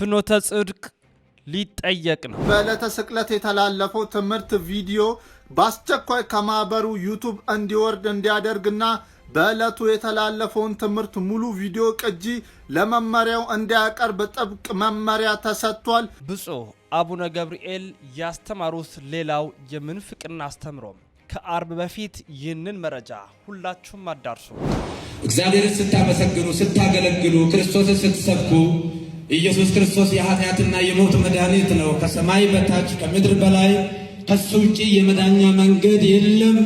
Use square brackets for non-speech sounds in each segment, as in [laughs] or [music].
ፍኖተ ጽድቅ ሊጠየቅ ነው። በዕለተ ስቅለት የተላለፈው ትምህርት ቪዲዮ በአስቸኳይ ከማኅበሩ ዩቱብ እንዲወርድ እንዲያደርግና በዕለቱ የተላለፈውን ትምህርት ሙሉ ቪዲዮ ቅጂ ለመመሪያው እንዲያቀርብ ጥብቅ መመሪያ ተሰጥቷል። ብፁዕ አቡነ ገብርኤል ያስተማሩት ሌላው የምንፍቅና አስተምሮም ከአርብ በፊት ይህንን መረጃ ሁላችሁም አዳርሱ። እግዚአብሔርን ስታመሰግኑ ስታገለግሉ ክርስቶስን ስትሰብኩ ኢየሱስ ክርስቶስ የኃጢአትና የሞት መድኃኒት ነው። ከሰማይ በታች ከምድር በላይ ከሱ ውጪ የመዳኛ መንገድ የለም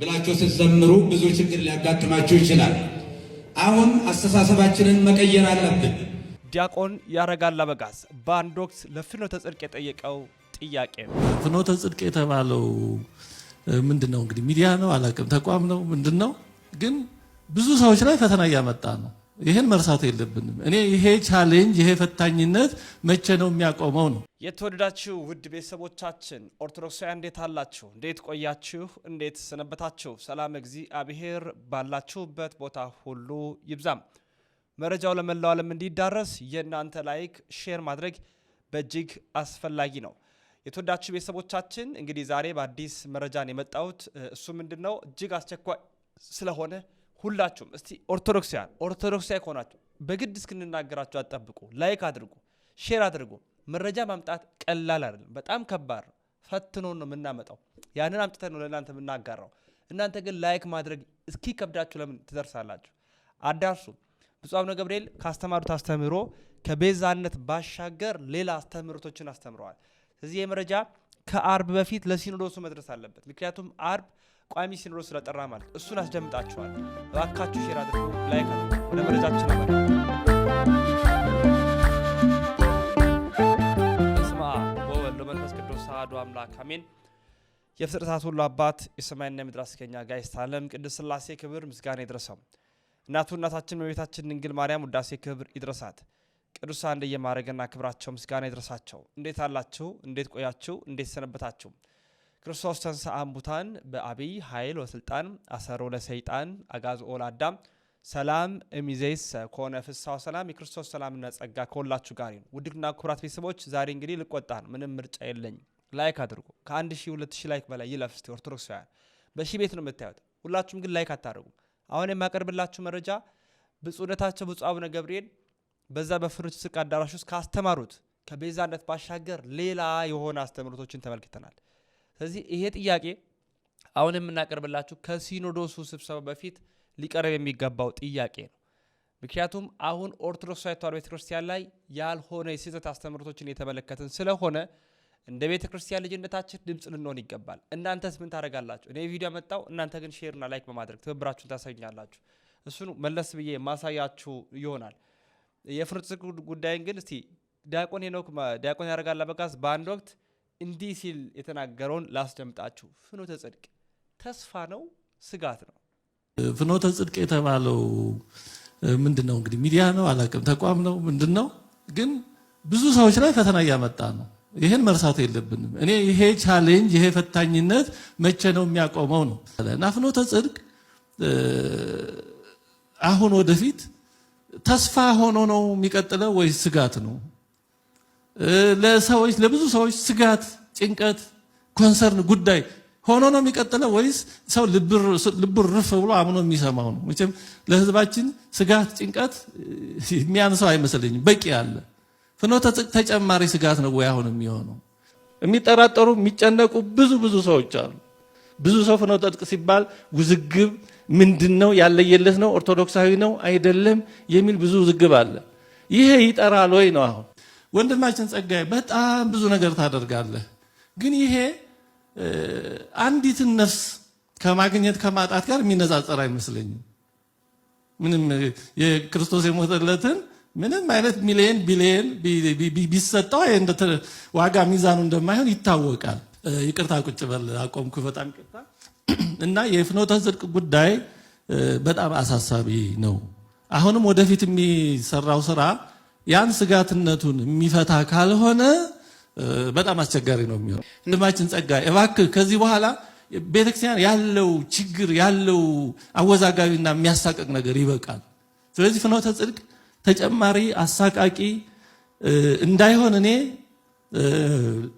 ብላችሁ ስትዘምሩ ብዙ ችግር ሊያጋጥማችሁ ይችላል። አሁን አስተሳሰባችንን መቀየር አለብን። ዲያቆን ያረጋል አበጋዝ በአንድ ወቅት ለፍኖተ ጽድቅ የጠየቀው ጥያቄ ፍኖተ ጽድቅ የተባለው ምንድን ነው? እንግዲህ ሚዲያ ነው አላውቅም፣ ተቋም ነው ምንድን ነው? ግን ብዙ ሰዎች ላይ ፈተና እያመጣ ነው። ይህን መርሳት የለብንም። እኔ ይሄ ቻሌንጅ ይሄ ፈታኝነት መቼ ነው የሚያቆመው ነው። የተወደዳችሁ ውድ ቤተሰቦቻችን ኦርቶዶክሳውያን እንዴት አላችሁ? እንዴት ቆያችሁ? እንዴት ሰነበታችሁ? ሰላም እግዚአብሔር ባላችሁበት ቦታ ሁሉ ይብዛም። መረጃው ለመላው ዓለም እንዲዳረስ የእናንተ ላይክ፣ ሼር ማድረግ በእጅግ አስፈላጊ ነው። የተወዳችሁ ቤተሰቦቻችን እንግዲህ ዛሬ በአዲስ መረጃን የመጣሁት እሱ ምንድን ነው እጅግ አስቸኳይ ስለሆነ ሁላችሁም እስቲ ኦርቶዶክሳውያን ኦርቶዶክሳዊ ከሆናችሁ በግድ እስክንናገራችሁ አጠብቁ። ላይክ አድርጉ፣ ሼር አድርጉ። መረጃ ማምጣት ቀላል አይደለም፣ በጣም ከባድ ነው። ፈትኖን ነው የምናመጣው። ያንን አምጥተን ነው ለእናንተ የምናጋራው። እናንተ ግን ላይክ ማድረግ እስኪ ከብዳችሁ ለምን ትደርሳላችሁ? አዳርሱ። ብፁዕ አቡነ ገብርኤል ካስተማሩት አስተምህሮ ከቤዛነት ባሻገር ሌላ አስተምህሮቶችን አስተምረዋል። ስለዚህ መረጃ ከአርብ በፊት ለሲኖዶሱ መድረስ አለበት። ምክንያቱም አርብ ቋሚ ሲኖዶስ ስለጠራ ማለት እሱን አስደምጣችኋል። እባካችሁ ሼር አድርጉ፣ ላይክ አድርጉ። ወደ መረጃችን ነበር። በስመ አብ ወወልድ ወመንፈስ ቅዱስ አሐዱ አምላክ አሜን። የፍጥረታት ሁሉ አባት የሰማይና የምድር አስገኛ ጋይስት ዓለም ቅድስት ሥላሴ ክብር ምስጋና ይድረሰው። እናቱ እናታችን እመቤታችን ድንግል ማርያም ውዳሴ ክብር ይድረሳት። ቅዱሳን እንደየማዕረጋቸውና ክብራቸው ምስጋና ይድረሳቸው። እንዴት አላችሁ? እንዴት ቆያችሁ? እንዴት ሰነበታችሁ? ክርስቶስ ተንሥአ እሙታን በአብይ ኃይል ወስልጣን አሰሮ ለሰይጣን አጋዝኦ ለአዳም ሰላም እሚዜሰ ኮነ ፍስሐ ሰላም የክርስቶስ ሰላምና ጸጋ ከሁላችሁ ጋር ይሁን። ውድና ክቡራት ቤተሰቦች ዛሬ እንግዲህ ልቆጣ ነው። ምንም ምርጫ የለኝ። ላይክ አድርጉ። ከአንድ ሺህ ሁለት ሺህ ላይክ በላይ ይለፍ እስቲ ኦርቶዶክሳውያን። በሺ ቤት ነው የምታዩት። ሁላችሁም ግን ላይክ አታደርጉም። አሁን የማቀርብላችሁ መረጃ ብፁዕነታቸው ብፁዕ አቡነ ገብርኤል በዛ በፍኖተ ጽድቅ አዳራሽ ውስጥ ካስተማሩት ከቤዛነት ባሻገር ሌላ የሆነ አስተምህሮቶችን ተመልክተናል። ስለዚህ ይሄ ጥያቄ አሁን የምናቀርብላችሁ ከሲኖዶሱ ስብሰባ በፊት ሊቀረብ የሚገባው ጥያቄ ነው። ምክንያቱም አሁን ኦርቶዶክስ ተዋሕዶ ቤተክርስቲያን ላይ ያልሆነ የስህተት አስተምህሮቶችን የተመለከትን ስለሆነ እንደ ቤተ ክርስቲያን ልጅነታችን ድምፅ ልንሆን ይገባል። እናንተስ ምን ታደርጋላችሁ? እኔ ቪዲዮ መጣው፣ እናንተ ግን ሼርና ላይክ በማድረግ ትብብራችሁን ታሳዩኛላችሁ። እሱን መለስ ብዬ ማሳያችሁ ይሆናል። የፍርጽ ጉዳይን ግን እስቲ ዲያቆን ሄኖክ ዲያቆን ያደርጋል አበጋዝ በአንድ ወቅት እንዲህ ሲል የተናገረውን ላስደምጣችሁ። ፍኖተ ጽድቅ ተስፋ ነው፣ ስጋት ነው። ፍኖተ ጽድቅ የተባለው ምንድን ነው? እንግዲህ ሚዲያ ነው አላውቅም፣ ተቋም ነው ምንድን ነው? ግን ብዙ ሰዎች ላይ ፈተና እያመጣ ነው። ይህን መርሳት የለብንም። እኔ ይሄ ቻሌንጅ ይሄ ፈታኝነት መቼ ነው የሚያቆመው ነው እና ፍኖተ ጽድቅ አሁን ወደፊት ተስፋ ሆኖ ነው የሚቀጥለው ወይስ ስጋት ነው? ለሰዎች ለብዙ ሰዎች ስጋት፣ ጭንቀት፣ ኮንሰርን ጉዳይ ሆኖ ነው የሚቀጥለው ወይስ ሰው ልቡ ርፍ ብሎ አምኖ የሚሰማው ነው? መቼም ለህዝባችን ስጋት፣ ጭንቀት የሚያንሰው አይመስለኝም። በቂ አለ። ፍኖተ ጽድቅ ተጨማሪ ስጋት ነው ወይ አሁን የሚሆነው? የሚጠራጠሩ የሚጨነቁ ብዙ ብዙ ሰዎች አሉ። ብዙ ሰው ፍኖተ ጽድቅ ሲባል ውዝግብ ምንድን ነው ያለየለት ነው ኦርቶዶክሳዊ ነው አይደለም የሚል ብዙ ውዝግብ አለ። ይሄ ይጠራል ወይ ነው አሁን ወንድማችን ጸጋዬ በጣም ብዙ ነገር ታደርጋለህ፣ ግን ይሄ አንዲትን ነፍስ ከማግኘት ከማጣት ጋር የሚነጻጸር አይመስለኝም። ምንም የክርስቶስ የሞተለትን ምንም አይነት ሚሊየን ቢሊየን ቢሰጠው ዋጋ ሚዛኑ እንደማይሆን ይታወቃል። ይቅርታ ቁጭ በል አቆምኩ። በጣም ይቅርታ። እና የፍኖተ ጽድቅ ጉዳይ በጣም አሳሳቢ ነው። አሁንም ወደፊት የሚሰራው ስራ ያን ስጋትነቱን የሚፈታ ካልሆነ በጣም አስቸጋሪ ነው የሚሆነው። ወንድማችን ጸጋ እባክህ ከዚህ በኋላ ቤተክርስቲያን ያለው ችግር ያለው አወዛጋቢና የሚያሳቀቅ ነገር ይበቃል። ስለዚህ ፍኖተ ጽድቅ ተጨማሪ አሳቃቂ እንዳይሆን እኔ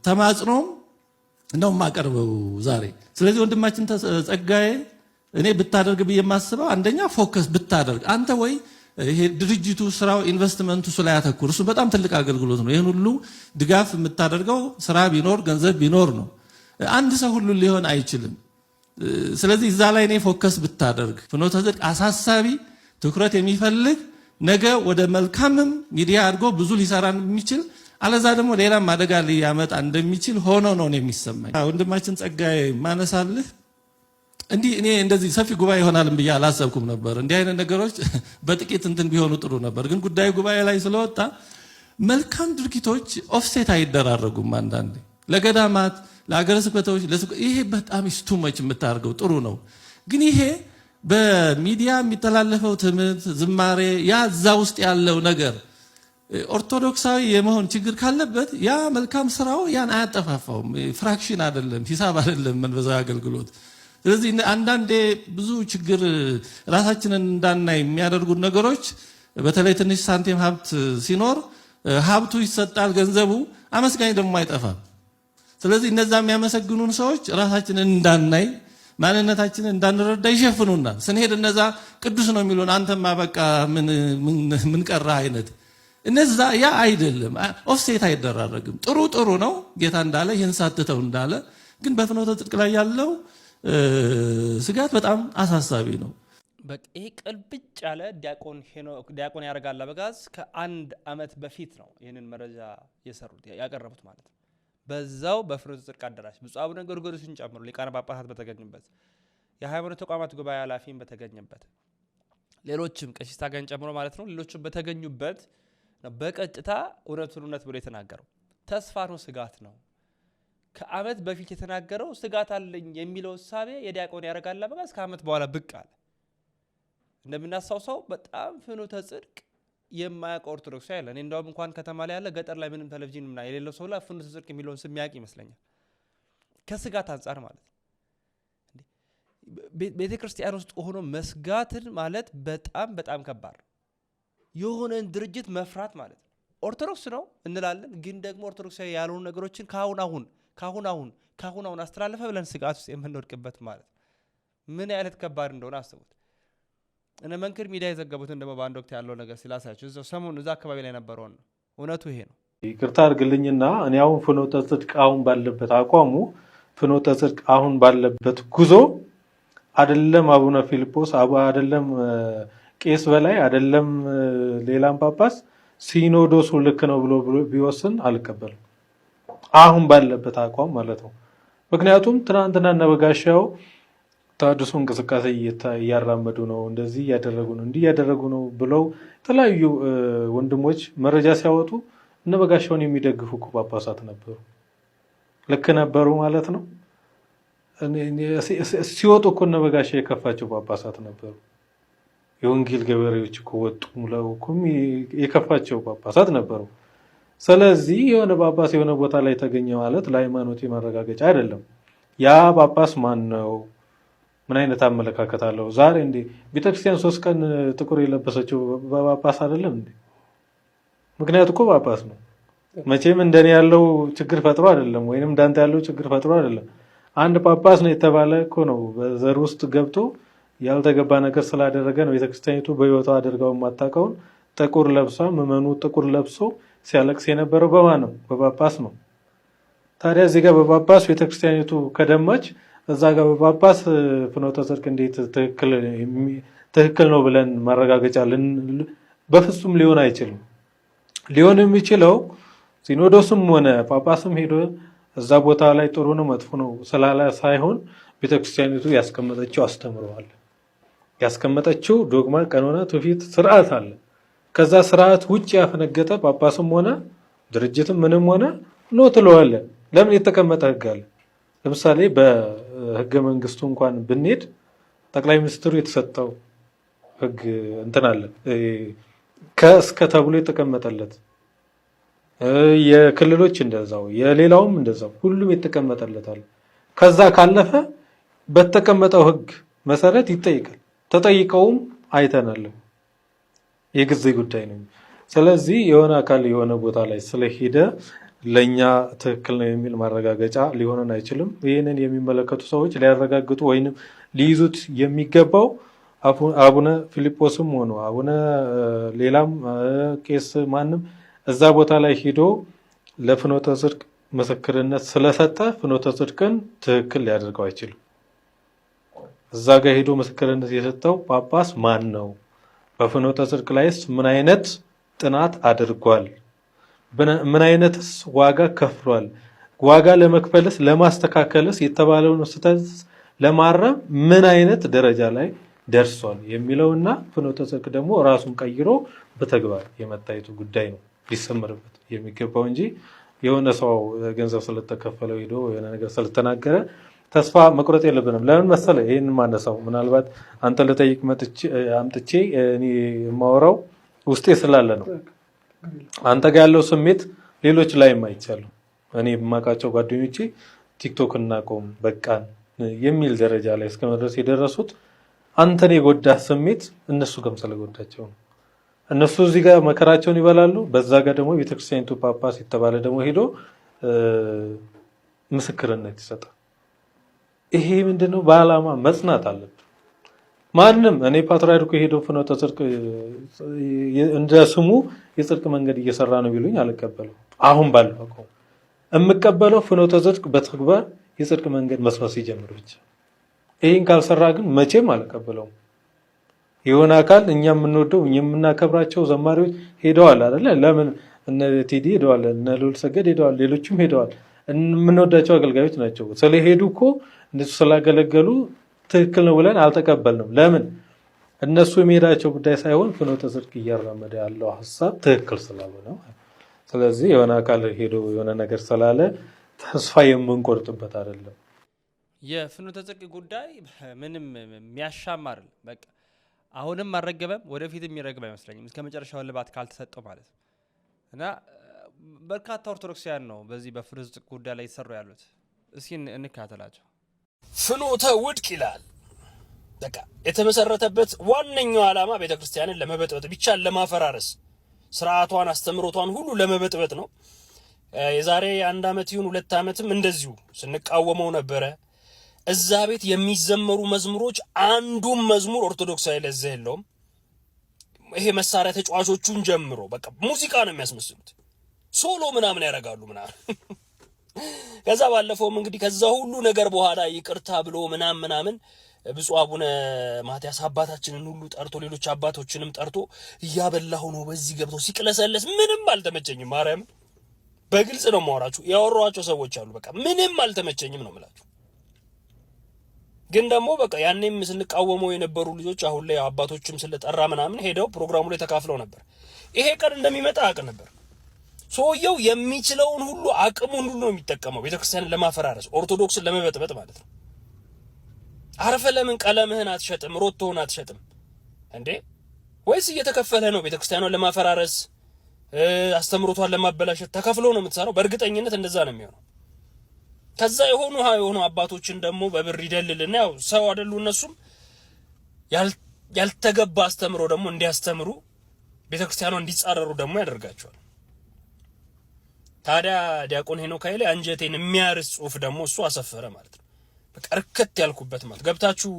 ተማጽኖም ነው የማቀርበው ዛሬ። ስለዚህ ወንድማችን ጸጋዬ እኔ ብታደርግ ብዬ የማስበው አንደኛ ፎከስ ብታደርግ አንተ ወይ ይሄ ድርጅቱ ስራው ኢንቨስትመንቱ እሱ ላይ ያተኩር። እሱ በጣም ትልቅ አገልግሎት ነው። ይህን ሁሉ ድጋፍ የምታደርገው ስራ ቢኖር ገንዘብ ቢኖር ነው። አንድ ሰው ሁሉ ሊሆን አይችልም። ስለዚህ እዛ ላይ እኔ ፎከስ ብታደርግ ፍኖተ ጽድቅ አሳሳቢ ትኩረት የሚፈልግ ነገ ወደ መልካምም ሚዲያ አድርጎ ብዙ ሊሰራ የሚችል አለዛ ደግሞ ሌላም አደጋ ሊያመጣ እንደሚችል ሆኖ ነው የሚሰማኝ። ወንድማችን ጸጋዬ ማነሳልህ እንዲህ እኔ እንደዚህ ሰፊ ጉባኤ ይሆናል ብዬ አላሰብኩም ነበር። እንዲህ አይነት ነገሮች [laughs] በጥቂት እንትን ቢሆኑ ጥሩ ነበር፣ ግን ጉዳዩ ጉባኤ ላይ ስለወጣ መልካም ድርጊቶች ኦፍሴት አይደራረጉም። አንዳንዴ ለገዳማት፣ ለአገረ ስብከቶች ይሄ በጣም ስቱመች የምታደርገው ጥሩ ነው፣ ግን ይሄ በሚዲያ የሚተላለፈው ትምህርት፣ ዝማሬ ያ እዛ ውስጥ ያለው ነገር ኦርቶዶክሳዊ የመሆን ችግር ካለበት ያ መልካም ስራው ያን አያጠፋፋውም። ፍራክሽን አይደለም፣ ሂሳብ አይደለም መንፈሳዊ አገልግሎት ስለዚህ አንዳንዴ ብዙ ችግር ራሳችንን እንዳናይ የሚያደርጉ ነገሮች በተለይ ትንሽ ሳንቲም ሀብት ሲኖር ሀብቱ ይሰጣል፣ ገንዘቡ አመስጋኝ ደግሞ አይጠፋም። ስለዚህ እነዛ የሚያመሰግኑን ሰዎች ራሳችንን እንዳናይ ማንነታችንን እንዳንረዳ ይሸፍኑናል። ስንሄድ እነዛ ቅዱስ ነው የሚሉን አንተማ በቃ ምንቀራ አይነት እነዛ ያ አይደለም። ኦፍሴት አይደራረግም። ጥሩ ጥሩ ነው ጌታ እንዳለ ይህን ሳትተው እንዳለ ግን በፍኖተ ጽድቅ ላይ ያለው ስጋት በጣም አሳሳቢ ነው። በቃ ይሄ ቅልብጭ ያለ ዲያቆን ሄኖክ ዲያቆን ያደርጋል አበጋዝ ከአንድ አመት በፊት ነው ይህንን መረጃ የሰሩት ያቀረቡት ማለት ነው። በዛው በፍኖተ ጽድቅ አዳራሽ ብፁዕ አቡነ ጎርጎርዮስን ጨምሮ ሊቃነ ጳጳሳት በተገኙበት የሃይማኖት ተቋማት ጉባኤ ኃላፊን በተገኘበት ሌሎችም ቀሲስ ታጋይን ጨምሮ ማለት ነው ሌሎችም በተገኙበት በቀጥታ እውነቱን እውነት ብሎ የተናገረው ተስፋ ነው፣ ስጋት ነው ከዓመት በፊት የተናገረው ስጋት አለኝ የሚለው እሳቤ የዲያቆን ያደርጋል አበጋዝ ከዓመት በኋላ ብቅ አለ። እንደምናስታውሰው በጣም ፍኖተ ጽድቅ የማያውቀው ኦርቶዶክስ ያለ እኔ እንዲያውም እንኳን ከተማ ላይ ያለ ገጠር ላይ ምንም ቴሌቪዥን ምና የሌለው ሰው ላይ ፍኖተ ጽድቅ የሚለውን ስሚያውቅ ይመስለኛል። ከስጋት አንጻር ማለት ቤተ ክርስቲያን ውስጥ ሆኖ መስጋትን ማለት በጣም በጣም ከባድ የሆነን ድርጅት መፍራት ማለት ነው። ኦርቶዶክስ ነው እንላለን፣ ግን ደግሞ ኦርቶዶክሳዊ ያልሆኑ ነገሮችን ከአሁን አሁን ካሁን አሁን ካሁን አሁን አስተላለፈ ብለን ስጋት ውስጥ የምንወድቅበት ማለት ምን አይነት ከባድ እንደሆነ አስቡት። እነ መንክር ሚዲያ የዘገቡትን ደግሞ በአንድ ወቅት ያለው ነገር ሲላሳያቸው እዛው ሰሞኑ እዛ አካባቢ ላይ ነበረውን እውነቱ ይሄ ነው። ይቅርታ አድርግልኝና እኔ አሁን ፍኖተ ጽድቅ አሁን ባለበት አቋሙ ፍኖተ ጽድቅ አሁን ባለበት ጉዞ አደለም አቡነ ፊልጶስ አደለም ቄስ በላይ አደለም ሌላም ጳጳስ ሲኖዶሱ ልክ ነው ብሎ ቢወስን አልቀበልም። አሁን ባለበት አቋም ማለት ነው። ምክንያቱም ትናንትና ነበጋሻው በጋሻው ተሃድሶ እንቅስቃሴ እያራመዱ ነው፣ እንደዚህ እያደረጉ ነው፣ እንዲህ እያደረጉ ነው ብለው የተለያዩ ወንድሞች መረጃ ሲያወጡ እነበጋሻውን የሚደግፉ እኮ ጳጳሳት ነበሩ። ልክ ነበሩ ማለት ነው። ሲወጡ እኮ እነበጋሻ የከፋቸው ጳጳሳት ነበሩ። የወንጌል ገበሬዎች እኮ ወጡ ብለው እኮ የከፋቸው ጳጳሳት ነበሩ። ስለዚህ የሆነ ጳጳስ የሆነ ቦታ ላይ ተገኘ ማለት ለሃይማኖቴ ማረጋገጫ አይደለም። ያ ጳጳስ ማን ነው? ምን አይነት አመለካከት አለው? ዛሬ እንዴ ቤተክርስቲያን ሶስት ቀን ጥቁር የለበሰችው በጳጳስ አይደለም እንዴ? ምክንያቱ እኮ ጳጳስ ነው። መቼም እንደኔ ያለው ችግር ፈጥሮ አይደለም፣ ወይንም እንዳንተ ያለው ችግር ፈጥሮ አይደለም። አንድ ጳጳስ ነው የተባለ እኮ ነው በዘር ውስጥ ገብቶ ያልተገባ ነገር ስላደረገ ነው ቤተክርስቲያኒቱ በህይወቷ አድርገው የማታውቀውን ጥቁር ለብሷ ምዕመኑ ጥቁር ለብሶ ሲያለቅስ የነበረው በማን ነው? በጳጳስ ነው። ታዲያ እዚህ ጋር በጳጳስ ቤተክርስቲያኒቱ ከደማች፣ እዛ ጋር በጳጳስ ፍኖተ ጽድቅ እንዴት ትክክል ነው ብለን ማረጋገጫ በፍጹም ሊሆን አይችልም። ሊሆን የሚችለው ሲኖዶስም ሆነ ጳጳስም ሄዶ እዛ ቦታ ላይ ጥሩ ነው መጥፎ ነው ስላለ ሳይሆን ቤተክርስቲያኒቱ ያስቀመጠችው አስተምረዋል ያስቀመጠችው ዶግማ፣ ቀኖና፣ ትውፊት፣ ስርዓት አለ። ከዛ ስርዓት ውጭ ያፈነገጠ ጳጳስም ሆነ ድርጅትም ምንም ሆነ ኖ ትለዋለ። ለምን የተቀመጠ ህግ አለ። ለምሳሌ በህገ መንግስቱ እንኳን ብንሄድ ጠቅላይ ሚኒስትሩ የተሰጠው ህግ እንትን አለ ከእስከ ተብሎ የተቀመጠለት የክልሎች እንደዛው የሌላውም እንደዛው ሁሉም የተቀመጠለታል። ከዛ ካለፈ በተቀመጠው ህግ መሰረት ይጠይቃል። ተጠይቀውም አይተናል። የጊዜ ጉዳይ ነው። ስለዚህ የሆነ አካል የሆነ ቦታ ላይ ስለሄደ ለእኛ ትክክል ነው የሚል ማረጋገጫ ሊሆነን አይችልም። ይህንን የሚመለከቱ ሰዎች ሊያረጋግጡ ወይንም ሊይዙት የሚገባው አቡነ ፊልጶስም ሆኖ አቡነ ሌላም ቄስ ማንም እዛ ቦታ ላይ ሂዶ ለፍኖተ ጽድቅ ምስክርነት ስለሰጠ ፍኖተ ጽድቅን ትክክል ሊያደርገው አይችልም። እዛ ጋር ሄዶ ምስክርነት የሰጠው ጳጳስ ማን ነው? በፍኖተ ጽድቅ ላይስ ምን አይነት ጥናት አድርጓል? ምን አይነትስ ዋጋ ከፍሏል? ዋጋ ለመክፈልስ ለማስተካከልስ የተባለውን ስህተት ለማረም ምን አይነት ደረጃ ላይ ደርሷል የሚለውና ፍኖተ ጽድቅ ደግሞ ራሱን ቀይሮ በተግባር የመታየቱ ጉዳይ ነው ሊሰመርበት የሚገባው እንጂ የሆነ ሰው ገንዘብ ስለተከፈለው ሄዶ የሆነ ነገር ስለተናገረ ተስፋ መቁረጥ የለብንም። ለምን መሰለ ይህን ማነሳው ምናልባት አንተ ልጠይቅ አምጥቼ የማወራው ውስጤ ስላለ ነው። አንተ ጋር ያለው ስሜት ሌሎች ላይም አይቻሉ። እኔ የማውቃቸው ጓደኞቼ ቲክቶክ እናቆም በቃን የሚል ደረጃ ላይ እስከመድረስ የደረሱት አንተን የጎዳ ስሜት እነሱ ጋርም ስለጎዳቸው ነው። እነሱ እዚህ ጋር መከራቸውን ይበላሉ። በዛ ጋር ደግሞ ቤተክርስቲያኒቱ ጳጳስ የተባለ ደግሞ ሄዶ ምስክርነት ይሰጣል። ይሄ ምንድነው? በዓላማ መጽናት አለብን። ማንም እኔ ፓትርያርኩ የሄደው ፍኖተ ጽድቅ እንደ ስሙ የጽድቅ መንገድ እየሰራ ነው ቢሉኝ አልቀበለው። አሁን ባልበቀው የምቀበለው ፍኖተ ጽድቅ በተግባር የጽድቅ መንገድ መስመር ሲጀምር ብቻ። ይህን ካልሰራ ግን መቼም አልቀበለውም። የሆነ አካል እኛ የምንወደው የምናከብራቸው ዘማሪዎች ሄደዋል አይደለ? ለምን እነ ቴዲ ሄደዋል፣ እነ ልዑል ሰገድ ሄደዋል፣ ሌሎችም ሄደዋል። የምንወዳቸው አገልጋዮች ናቸው። ስለሄዱ እኮ እነሱ ስላገለገሉ ትክክል ነው ብለን አልተቀበልንም። ለምን እነሱ የሚሄዳቸው ጉዳይ ሳይሆን ፍኖተ ጽድቅ እያራመደ ያለው ሀሳብ ትክክል ስላልሆነ ስለዚህ የሆነ አካል ሄዶ የሆነ ነገር ስላለ ተስፋ የምንቆርጥበት አይደለም። የፍኖተ ጽድቅ ጉዳይ ምንም የሚያሻማር በቃ አሁንም አልረገበም፣ ወደፊት የሚረግብ አይመስለኝም እስከ መጨረሻው ልባት ካልተሰጠው ማለት ነው እና በርካታ ኦርቶዶክሳውያን ነው በዚህ በፍኖተ ጽድቅ ጉዳይ ላይ የተሰሩ ያሉት። እስኪ እንካተላቸው። ፍኖተ ውድቅ ይላል። በቃ የተመሰረተበት ዋነኛው ዓላማ ቤተ ክርስቲያንን ለመበጥበጥ ብቻ ለማፈራረስ፣ ስርዓቷን አስተምሮቷን ሁሉ ለመበጥበጥ ነው። የዛሬ አንድ ዓመት ይሁን ሁለት ዓመትም እንደዚሁ ስንቃወመው ነበረ። እዛ ቤት የሚዘመሩ መዝሙሮች አንዱም መዝሙር ኦርቶዶክሳዊ ለዛ የለውም። ይሄ መሳሪያ ተጫዋቾቹን ጀምሮ በቃ ሙዚቃ ነው የሚያስመስሉት። ሶሎ ምናምን ያደርጋሉ ምናምን [laughs] ከዛ ባለፈውም እንግዲህ ከዛ ሁሉ ነገር በኋላ ይቅርታ ብሎ ምናምን ምናምን ብፁ አቡነ ማትያስ አባታችንን ሁሉ ጠርቶ ሌሎች አባቶችንም ጠርቶ እያበላሁ ነው በዚህ ገብቶ ሲቅለሰለስ ምንም አልተመቸኝም። ማርያም በግልጽ ነው የማወራችሁ። ያወሯቸው ሰዎች አሉ። በቃ ምንም አልተመቸኝም ነው ምላችሁ ግን ደግሞ በቃ ያኔም ስንቃወመው የነበሩ ልጆች አሁን ላይ አባቶችም ስለጠራ ምናምን ሄደው ፕሮግራሙ ላይ ተካፍለው ነበር። ይሄ ቀን እንደሚመጣ አቅ ነበር። ሰውየው የሚችለውን ሁሉ አቅሙን ሁሉ ነው የሚጠቀመው ቤተክርስቲያንን ለማፈራረስ ኦርቶዶክስን ለመበጥበጥ ማለት ነው። አርፈ ለምን ቀለምህን አትሸጥም? ሮቶህን አትሸጥም እንዴ? ወይስ እየተከፈለ ነው? ቤተክርስቲያኗን ለማፈራረስ አስተምሮቷን ለማበላሸት ተከፍሎ ነው የምትሰራው። በእርግጠኝነት እንደዛ ነው የሚሆነው። ከዛ የሆኑ ሀ የሆኑ አባቶችን ደግሞ በብር ይደልልና ያው ሰው አይደሉ እነሱም ያልተገባ አስተምሮ ደግሞ እንዲያስተምሩ ቤተክርስቲያኗ እንዲጻረሩ ደግሞ ያደርጋቸዋል። ታዲያ ዲያቆን ሄኖክ ኃይሌ አንጀቴን የሚያርስ ጽሁፍ ደግሞ እሱ አሰፈረ ማለት ነው። በቃ እርከት ያልኩበት ማለት ገብታችሁ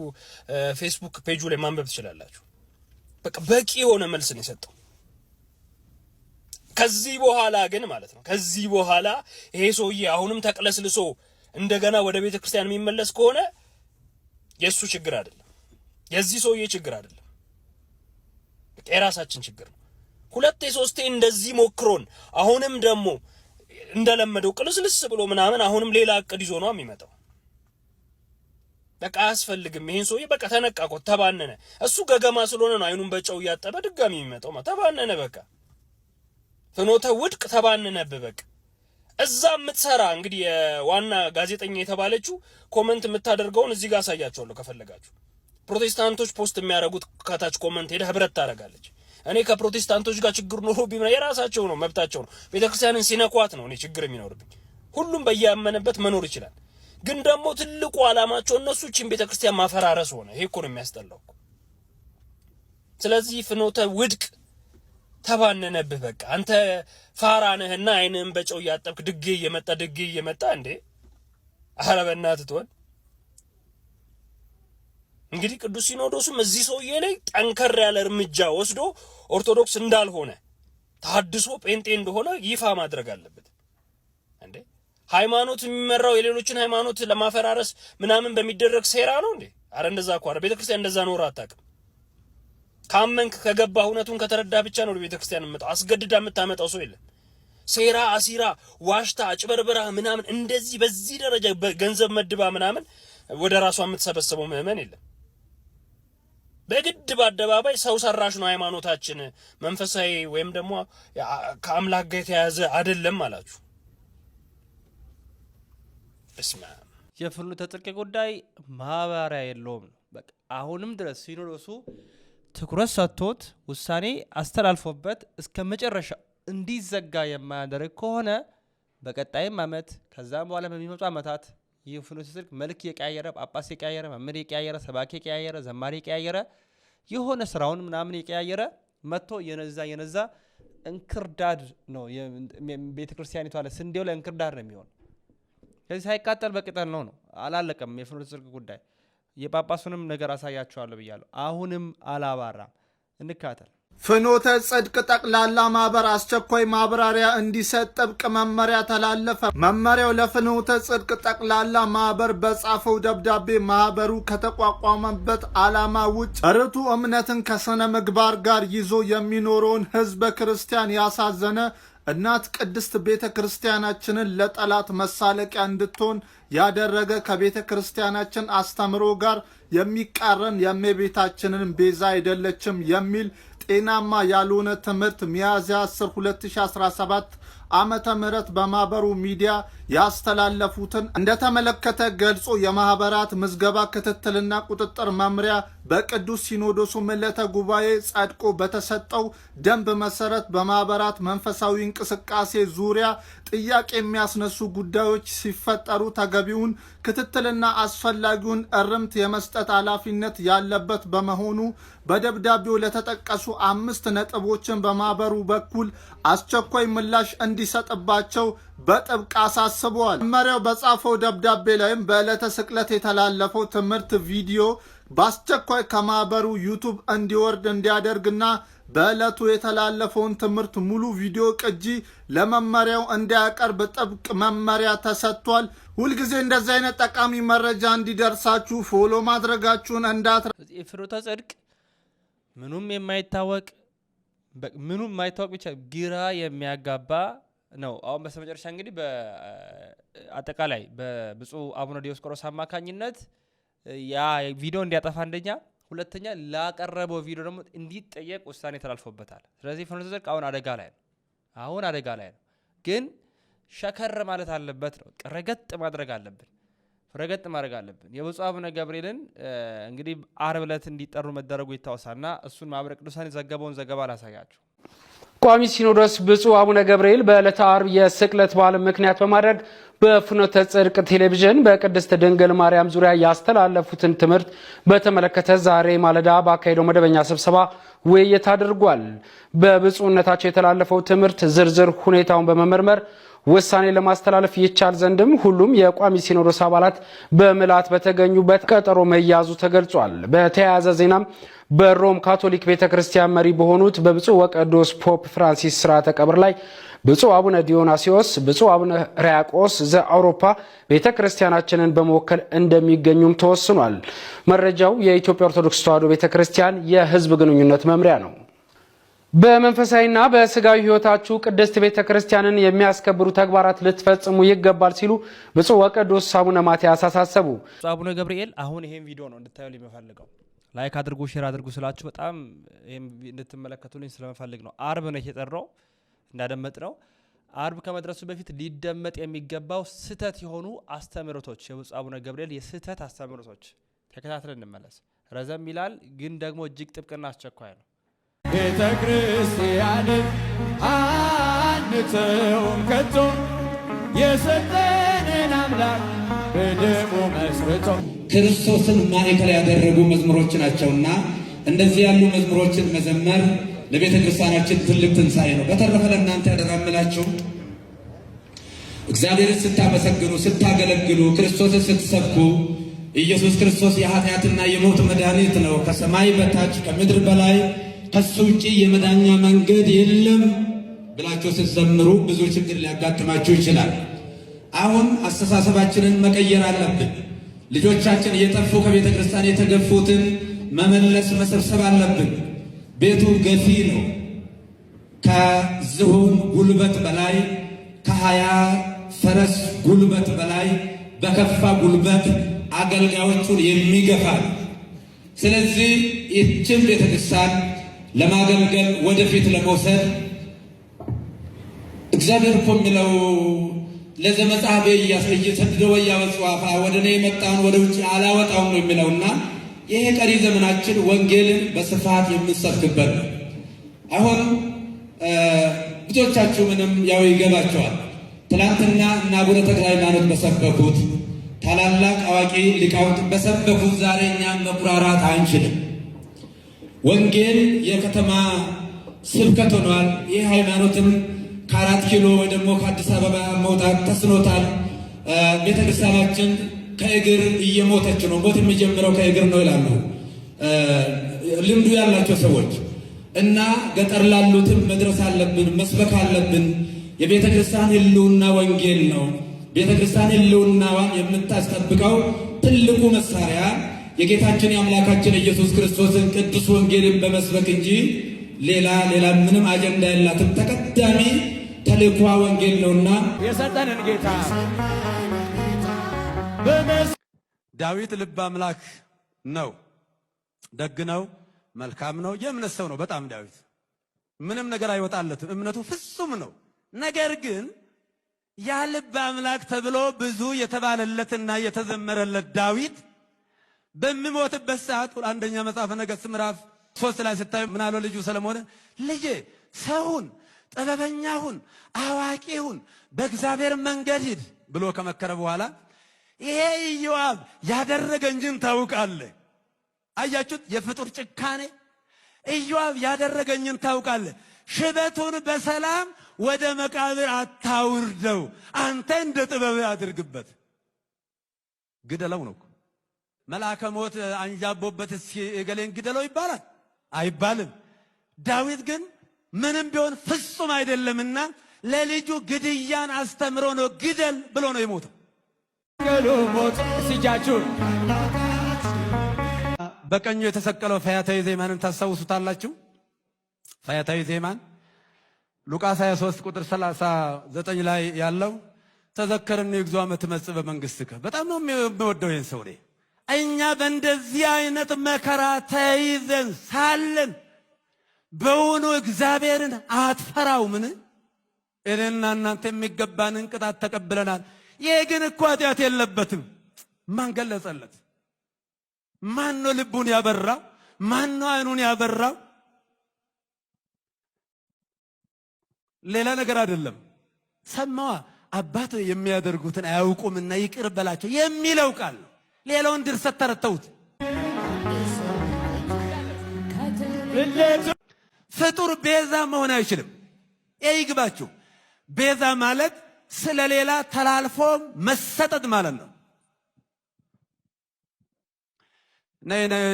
ፌስቡክ ፔጁ ላይ ማንበብ ትችላላችሁ። በቃ በቂ የሆነ መልስ ነው የሰጠው። ከዚህ በኋላ ግን ማለት ነው ከዚህ በኋላ ይሄ ሰውዬ አሁንም ተቅለስልሶ እንደገና ወደ ቤተ ክርስቲያን የሚመለስ ከሆነ የእሱ ችግር አይደለም፣ የዚህ ሰውዬ ችግር አይደለም፣ የራሳችን ችግር ነው። ሁለቴ ሶስቴ እንደዚህ ሞክሮን አሁንም ደግሞ እንደለመደው ቅልስልስ ብሎ ምናምን አሁንም ሌላ እቅድ ይዞ ነው የሚመጣው። በቃ አያስፈልግም። ይሄን ሰውዬ በቃ ተነቃቆ ተባነነ። እሱ ገገማ ስለሆነ ነው አይኑን በጨው እያጠበ ድጋሚ የሚመጣው። ተባነነ በቃ ፍኖተ ውድቅ ተባነነብ በቃ እዛ የምትሰራ እንግዲህ የዋና ጋዜጠኛ የተባለችው ኮመንት የምታደርገውን እዚህ ጋር አሳያችኋለሁ ከፈለጋችሁ። ፕሮቴስታንቶች ፖስት የሚያደርጉት ከታች ኮመንት ሄደ ህብረት ታደርጋለች። እኔ ከፕሮቴስታንቶች ጋር ችግር ኖሮብኝ የራሳቸው ነው፣ መብታቸው ነው። ቤተክርስቲያንን ሲነኳት ነው እኔ ችግር የሚኖርብኝ። ሁሉም በያመነበት መኖር ይችላል። ግን ደግሞ ትልቁ አላማቸው እነሱ ችን ቤተክርስቲያን ማፈራረስ ሆነ። ይሄ እኮ ነው የሚያስጠላው። ስለዚህ ፍኖተ ውድቅ ተባነነብህ። በቃ አንተ ፋራ ነህና አይንህን በጨው እያጠብክ ድጌ እየመጣ ድጌ እየመጣ እንዴ! አረ በእናትህ ትሆን እንግዲህ ቅዱስ ሲኖዶሱም እዚህ ሰውዬ ላይ ጠንከር ያለ እርምጃ ወስዶ ኦርቶዶክስ እንዳልሆነ ታድሶ ጴንጤ እንደሆነ ይፋ ማድረግ አለበት። እንዴ ሃይማኖት የሚመራው የሌሎችን ሃይማኖት ለማፈራረስ ምናምን በሚደረግ ሴራ ነው እንዴ? አረ እንደዛ እኮ አረ ቤተክርስቲያን እንደዛ ኖር አታውቅም። ካመንክ ከገባ እውነቱን ከተረዳ ብቻ ነው ቤተክርስቲያን የምጣው። አስገድዳ የምታመጣው ሰው የለም። ሴራ አሲራ፣ ዋሽታ፣ አጭበርብራ ምናምን እንደዚህ በዚህ ደረጃ ገንዘብ መድባ ምናምን ወደ ራሷ የምትሰበሰበው ምዕመን የለም። በግድ በአደባባይ ሰው ሰራሽ ነው ሃይማኖታችን፣ መንፈሳዊ ወይም ደግሞ ከአምላክ ጋር የተያያዘ አይደለም አላችሁ። እስማ የፍኖተ ጽድቅ ጉዳይ ማብራሪያ የለውም ነው። በቃ አሁንም ድረስ ሲኖዶሱ ትኩረት ሰጥቶት ውሳኔ አስተላልፎበት እስከ መጨረሻ እንዲዘጋ የማያደርግ ከሆነ በቀጣይም ዓመት ከዛም በኋላ በሚመጡ ዓመታት የኢንፍሉዌንስ ስልክ መልክ የቀያየረ ጳጳስ የቀያየረ መምህር የቀያየረ ሰባኪ የቀያየረ ዘማሪ የቀያየረ የሆነ ስራውን ምናምን የቀያየረ መጥቶ የነዛ የነዛ እንክርዳድ ነው ቤተ ክርስቲያን የተዋለ ስንዴው ላይ እንክርዳድ ነው የሚሆን። ከዚህ ሳይቃጠል በቅጠል ነው ነው አላለቀም። የኢንፍሉዌንስ ስልክ ጉዳይ የጳጳሱንም ነገር አሳያችኋለሁ ብያለሁ። አሁንም አላባራም። እንካተል ፍኖተ ጽድቅ ጠቅላላ ማህበር አስቸኳይ ማብራሪያ እንዲሰጥ ጥብቅ መመሪያ ተላለፈ። መመሪያው ለፍኖተ ጽድቅ ጠቅላላ ማህበር በጻፈው ደብዳቤ ማህበሩ ከተቋቋመበት ዓላማ ውጭ ርቱ እምነትን ከሥነ ምግባር ጋር ይዞ የሚኖረውን ሕዝበ ክርስቲያን ያሳዘነ እናት ቅድስት ቤተ ክርስቲያናችንን ለጠላት መሳለቂያ እንድትሆን ያደረገ ከቤተ ክርስቲያናችን አስተምሮ ጋር የሚቃረን የእመቤታችንን ቤዛ አይደለችም የሚል ጤናማ ያልሆነ ትምህርት ሚያዝያ 10 2017 ዓመተ ምህረት በማህበሩ ሚዲያ ያስተላለፉትን እንደተመለከተ ገልጾ የማህበራት ምዝገባ ክትትልና ቁጥጥር መምሪያ በቅዱስ ሲኖዶሱ ምልዓተ ጉባኤ ጸድቆ በተሰጠው ደንብ መሰረት በማህበራት መንፈሳዊ እንቅስቃሴ ዙሪያ ጥያቄ የሚያስነሱ ጉዳዮች ሲፈጠሩ ተገቢውን ክትትልና አስፈላጊውን እርምት የመስጠት ኃላፊነት ያለበት በመሆኑ በደብዳቤው ለተጠቀሱ አምስት ነጥቦችን በማህበሩ በኩል አስቸኳይ ምላሽ እንዲሰጥባቸው በጥብቅ አሳስበዋል። መመሪያው በጻፈው ደብዳቤ ላይም በዕለተ ስቅለት የተላለፈው ትምህርት ቪዲዮ በአስቸኳይ ከማኅበሩ ዩቱብ እንዲወርድ እንዲያደርግና በዕለቱ የተላለፈውን ትምህርት ሙሉ ቪዲዮ ቅጂ ለመመሪያው እንዲያቀርብ ጥብቅ መመሪያ ተሰጥቷል። ሁልጊዜ እንደዚህ አይነት ጠቃሚ መረጃ እንዲደርሳችሁ ፎሎ ማድረጋችሁን እንዳትረ ፍኖተ ጽድቅ ምኑም የማይታወቅ ምኑም የማይታወቅ ብቻ ግራ የሚያጋባ ነው። አሁን በስተመጨረሻ እንግዲህ በአጠቃላይ በብፁዕ አቡነ ዲዮስቆሮስ አማካኝነት ያ ቪዲዮ እንዲያጠፋ አንደኛ፣ ሁለተኛ ላቀረበው ቪዲዮ ደግሞ እንዲጠየቅ ውሳኔ ተላልፎበታል። ስለዚህ ፍኖተ ጽድቅ አሁን አደጋ ላይ ነው። አሁን አደጋ ላይ ነው። ግን ሸከር ማለት አለበት ነው። ረገጥ ማድረግ አለብን። ረገጥ ማድረግ አለብን። የብፁዕ አቡነ ገብርኤልን እንግዲህ አርብ ዕለት እንዲጠሩ መደረጉ ይታወሳልና እሱን ማህበረ ቅዱሳን የዘገበውን ዘገባ አላሳያችሁ ቋሚ ሲኖዶስ ብፁዕ አቡነ ገብርኤል በዕለተ አርብ የስቅለት በዓል ምክንያት በማድረግ በፍኖተ ጽድቅ ቴሌቪዥን በቅድስት ድንግል ማርያም ዙሪያ ያስተላለፉትን ትምህርት በተመለከተ ዛሬ ማለዳ በአካሄደው መደበኛ ስብሰባ ውይይት አድርጓል። በብፁዕነታቸው የተላለፈው ትምህርት ዝርዝር ሁኔታውን በመመርመር ውሳኔ ለማስተላለፍ ይቻል ዘንድም ሁሉም የቋሚ ሲኖዶስ አባላት በምልዓት በተገኙበት ቀጠሮ መያዙ ተገልጿል። በተያያዘ ዜናም በሮም ካቶሊክ ቤተ ክርስቲያን መሪ በሆኑት በብፁዕ ወቅዱስ ፖፕ ፍራንሲስ ስርዓተ ቀብር ላይ ብፁዕ አቡነ ዲዮናሲዮስ፣ ብፁዕ አቡነ ሪያቆስ ዘአውሮፓ ቤተ ክርስቲያናችንን በመወከል እንደሚገኙም ተወስኗል። መረጃው የኢትዮጵያ ኦርቶዶክስ ተዋሕዶ ቤተ ክርስቲያን የሕዝብ ግንኙነት መምሪያ ነው። በመንፈሳዊና በስጋዊ ህይወታችሁ ቅድስት ቤተ ክርስቲያንን የሚያስከብሩ ተግባራት ልትፈጽሙ ይገባል ሲሉ ብፁዕ ወቅዱስ አቡነ ማትያስ አሳሰቡ። አቡነ ገብርኤል አሁን ይሄን ቪዲዮ ነው እንድታዩ የሚፈልገው። ላይክ አድርጉ፣ ሼር አድርጉ ስላችሁ በጣም እንድትመለከቱልኝ ስለመፈልግ ነው። አርብ ነው የጠራው እንዳደመጥ ነው። አርብ ከመድረሱ በፊት ሊደመጥ የሚገባው ስህተት የሆኑ አስተምህሮቶች የብፁዕ አቡነ ገብርኤል የስህተት አስተምህሮቶች ተከታትለን እንመለስ። ረዘም ይላል ግን ደግሞ እጅግ ጥብቅና አስቸኳይ ነው። ቤተ ክርስቲያንን አንተውም ከቶ የሰጠንን አምላክ በደሙ መስርቶ ክርስቶስን ማዕከል ያደረጉ መዝሙሮች ናቸውና እንደዚህ ያሉ መዝሙሮችን መዘመር ለቤተ ክርስቲያናችን ትልቅ ትንሣኤ ነው። በተረፈ ለእናንተ ያደራምላችሁ እግዚአብሔርን ስታመሰግኑ፣ ስታገለግሉ፣ ክርስቶስን ስትሰብኩ ኢየሱስ ክርስቶስ የኃጢአትና የሞት መድኃኒት ነው ከሰማይ በታች ከምድር በላይ ከሱ ውጭ የመዳኛ መንገድ የለም ብላችሁ ስትዘምሩ ብዙ ችግር ሊያጋጥማችሁ ይችላል። አሁን አስተሳሰባችንን መቀየር አለብን። ልጆቻችን እየጠፉ ከቤተ ክርስቲያን የተገፉትን መመለስ መሰብሰብ አለብን። ቤቱ ገፊ ነው። ከዝሆን ጉልበት በላይ ከሀያ ፈረስ ጉልበት በላይ በከፋ ጉልበት አገልጋዮቹን የሚገፋ ስለዚህ ይህችን ቤተክርስቲያን ለማገልገል ወደፊት ለመውሰድ እግዚአብሔር እኮ የሚለው ለዘ መጽሐፌ እየሰድደወ ወደ እኔ የመጣውን ወደ ውጭ አላወጣውም ነው የሚለውና ይሄ ቀሪ ዘመናችን ወንጌልን በስፋት የምንሰብክበት ነው። አሁን ብዙዎቻችሁ ምንም ያው ይገባቸዋል። ትናንትና እና አቡነ ተክለ ሃይማኖት በሰበኩት ታላላቅ አዋቂ ሊቃውንት በሰበኩት ዛሬ እኛም መኩራራት አንችልም። ወንጌል የከተማ ስብከት ሆኗል። ይህ ሃይማኖትም ከአራት ኪሎ ወይ ደግሞ ከአዲስ አበባ መውጣት ተስኖታል። ቤተክርስቲያናችን ከእግር እየሞተች ነው። ሞት የሚጀምረው ከእግር ነው ይላሉ ልምዱ ያላቸው ሰዎች እና ገጠር ላሉትም መድረስ አለብን፣ መስበክ አለብን። የቤተ ክርስቲያን ወንጌል ነው። ቤተ ክርስቲያን ሕልውናዋን የምታስጠብቀው ትልቁ መሳሪያ የጌታችን የአምላካችን ኢየሱስ ክርስቶስን ቅዱስ ወንጌልን በመስበክ እንጂ ሌላ ሌላ ምንም አጀንዳ የላትም። ተቀዳሚ ተልእኳ ወንጌል ነውና የሰጠንን ጌታ ዳዊት ልብ አምላክ ነው። ደግ ነው፣ መልካም ነው፣ የእምነት ሰው ነው። በጣም ዳዊት ምንም ነገር አይወጣለትም። እምነቱ ፍጹም ነው። ነገር ግን ያ ልብ አምላክ ተብሎ ብዙ የተባለለትና የተዘመረለት ዳዊት በምሞትበት ሰዓት አንደኛ መጽሐፈ ነገሥት ምዕራፍ ሶስት ላይ ስታዩ ምን አለው ልጁ ሰለሞን? ልጄ ሰውን ጥበበኛ ሁን፣ አዋቂ ሁን፣ በእግዚአብሔር መንገድ ሂድ ብሎ ከመከረ በኋላ ይሄ ኢዮአብ ያደረገ እንጂን ታውቃለህ። አያችሁት? የፍጡር ጭካኔ። ኢዮአብ ያደረገ እንጂን ታውቃለህ። ሽበቱን በሰላም ወደ መቃብር አታውርደው፣ አንተ እንደ ጥበብ አድርግበት፣ ግደለው ነው መልአከ ሞት አንዣቦበት እስኪ እገሌን ግደለው ይባላል አይባልም። ዳዊት ግን ምንም ቢሆን ፍጹም አይደለምና ለልጁ ግድያን አስተምሮ ነው ግደል ብሎ ነው የሞተው። ገሉ ሞት ሲጃችሁን በቀኙ የተሰቀለው ፈያታዊ ዜማንን ታስታውሱታላችሁ። ፈያታዊ ዜማን ሉቃስ 23 ቁጥር 39 ላይ ያለው ተዘከርኒ እግዚኦ መትመጽእ በመንግሥትከ በጣም ነው የሚወደው ይህን ሰው እኛ በእንደዚህ አይነት መከራ ተይዘን ሳለን በውኑ እግዚአብሔርን አትፈራውምን? እኔና እናንተ የሚገባንን ቅጣት ተቀብለናል። ይሄ ግን እኮ ኃጢአት የለበትም። ማን ገለጸለት? ማን ነው ልቡን ያበራው? ማን ነው አይኑን ያበራው? ሌላ ነገር አይደለም። ሰማዋ አባት የሚያደርጉትን አያውቁምና ይቅር በላቸው የሚለው ቃል ነው። ሌላውን ድርሰት ተረተውት ፍጡር ቤዛ መሆን አይችልም። ይግባችሁ። ቤዛ ማለት ስለሌላ ተላልፎ መሰጠት ማለት ነው። ነይ ነይ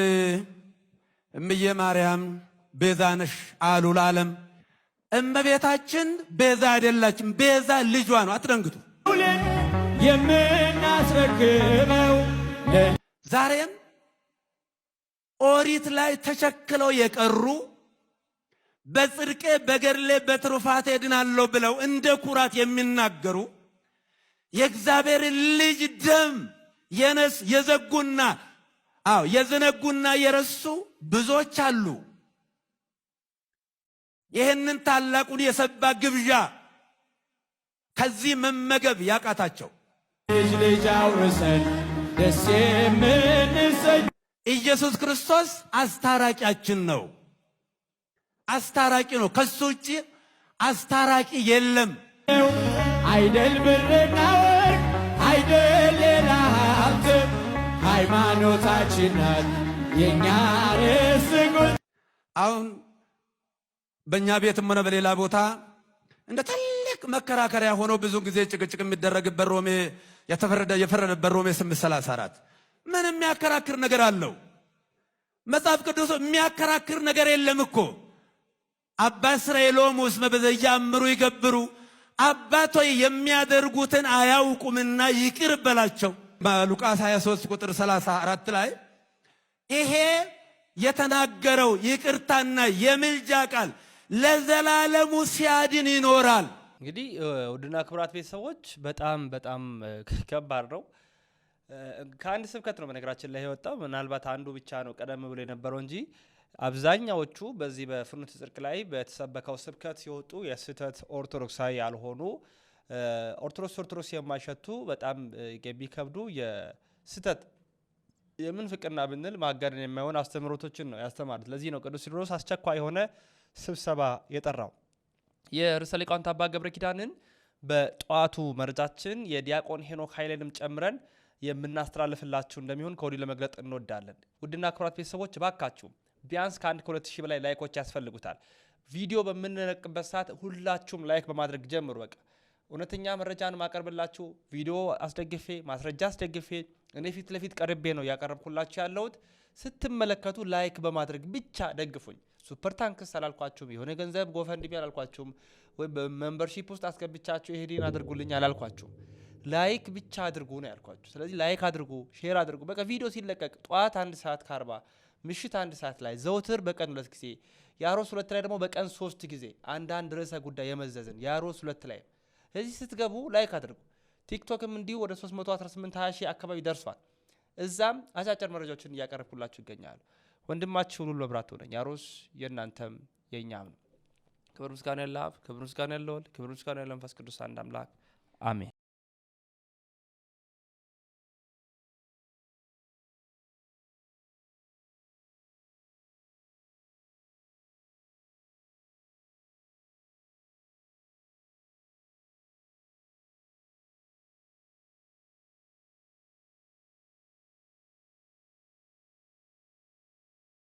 እምዬ ማርያም ቤዛ ነሽ አሉ ለዓለም። እመቤታችን ቤዛ አይደላችን። ቤዛ ልጇ ነው። አትደንግጡ። የምናስረክበው ዛሬም ኦሪት ላይ ተቸክለው የቀሩ በጽድቄ በገድሌ በትሩፋቴ ድናለሁ ብለው እንደ ኩራት የሚናገሩ የእግዚአብሔር ልጅ ደም የነስ የዘጉና አዎ የዘነጉና የረሱ ብዙዎች አሉ። ይህንን ታላቁን የሰባ ግብዣ ከዚህ መመገብ ያቃታቸው ልጅ ልጅ አውርሰን ኢየሱስ ክርስቶስ አስታራቂያችን ነው። አስታራቂ ነው። ከሱ ውጭ አስታራቂ የለም። አይደል ብርና ወርቅ አይደል ሌላ ሀብት ሃይማኖታችን የእኛ ርስጉት። አሁን በእኛ ቤትም ሆነ በሌላ ቦታ እንደ ትልቅ መከራከሪያ ሆኖ ብዙ ጊዜ ጭቅጭቅ የሚደረግበት ሮሜ የተፈረደ የፈረደበት ሮሜ 8፥34 ምን የሚያከራክር ነገር አለው? መጽሐፍ ቅዱስ የሚያከራክር ነገር የለም እኮ። አባ እስራኤል ሙስመ በዘያምሩ ይገብሩ፣ አባቶይ የሚያደርጉትን አያውቁምና ይቅር በላቸው። በሉቃስ 23 ቁጥር 34 ላይ ይሄ የተናገረው ይቅርታና የምልጃ ቃል ለዘላለሙ ሲያድን ይኖራል። እንግዲህ ውድና ክብራት ቤተሰቦች በጣም በጣም ከባድ ነው። ከአንድ ስብከት ነው በነገራችን ላይ የወጣው። ምናልባት አንዱ ብቻ ነው ቀደም ብሎ የነበረው እንጂ አብዛኛዎቹ በዚህ በፍኖተ ጽድቅ ላይ በተሰበከው ስብከት ሲወጡ የስህተት ኦርቶዶክሳዊ ያልሆኑ ኦርቶዶክስ ኦርቶዶክስ የማይሸቱ በጣም የሚከብዱ የስህተት ፍቅና ብንል ማጋነን የማይሆን አስተምህሮቶችን ነው ያስተማሩት። ለዚህ ነው ቅዱስ ሲኖዶስ አስቸኳይ የሆነ ስብሰባ የጠራው። የርዕሰ ሊቃውንት አባ ገብረ ኪዳንን በጠዋቱ መረጃችን የዲያቆን ሄኖክ ኃይሌንም ጨምረን የምናስተላልፍላችሁ እንደሚሆን ከወዲሁ ለመግለጥ እንወዳለን። ውድና ክቡራት ቤተሰቦች ባካችሁ ቢያንስ ከአንድ ከሁለት ሺህ በላይ ላይኮች ያስፈልጉታል። ቪዲዮ በምንለቅበት ሰዓት ሁላችሁም ላይክ በማድረግ ጀምሩ። በቃ እውነተኛ መረጃን ማቀርብላችሁ ቪዲዮ አስደግፌ ማስረጃ አስደግፌ እኔ ፊት ለፊት ቀርቤ ነው እያቀረብኩላችሁ ያለሁት። ስትመለከቱ ላይክ በማድረግ ብቻ ደግፉኝ። ሱፐር ታንክስ አላልኳችሁም። የሆነ ገንዘብ ጎፈንድሚ አላልኳችሁም። ወይ በመምበርሺፕ ውስጥ አስገብቻችሁ ይሄድን አድርጉልኝ አላልኳችሁም። ላይክ ብቻ አድርጉ ነው ያልኳችሁ። ስለዚህ ላይክ አድርጉ፣ ሼር አድርጉ። በቃ ቪዲዮ ሲለቀቅ ጠዋት አንድ ሰዓት ከአርባ ምሽት አንድ ሰዓት ላይ ዘውትር በቀን ሁለት ጊዜ የአሮስ ሁለት ላይ ደግሞ በቀን ሶስት ጊዜ አንዳንድ ርዕሰ ጉዳይ የመዘዝን የአሮስ ሁለት ላይ እዚህ ስትገቡ ላይክ አድርጉ። ቲክቶክም እንዲሁ ወደ 318 20 ሺህ አካባቢ ደርሷል። እዛም አጫጭር መረጃዎችን እያቀረብኩላችሁ ይገኛሉ። ወንድማችሁ ሁሉ ለብራት ነኝ። ያሮስ የእናንተም የእኛም ነው። ክብር ምስጋና ያለ አብ፣ ክብር ምስጋና ያለ ወልድ፣ ክብር ምስጋና ያለ መንፈስ ቅዱስ አንድ አምላክ አሜን።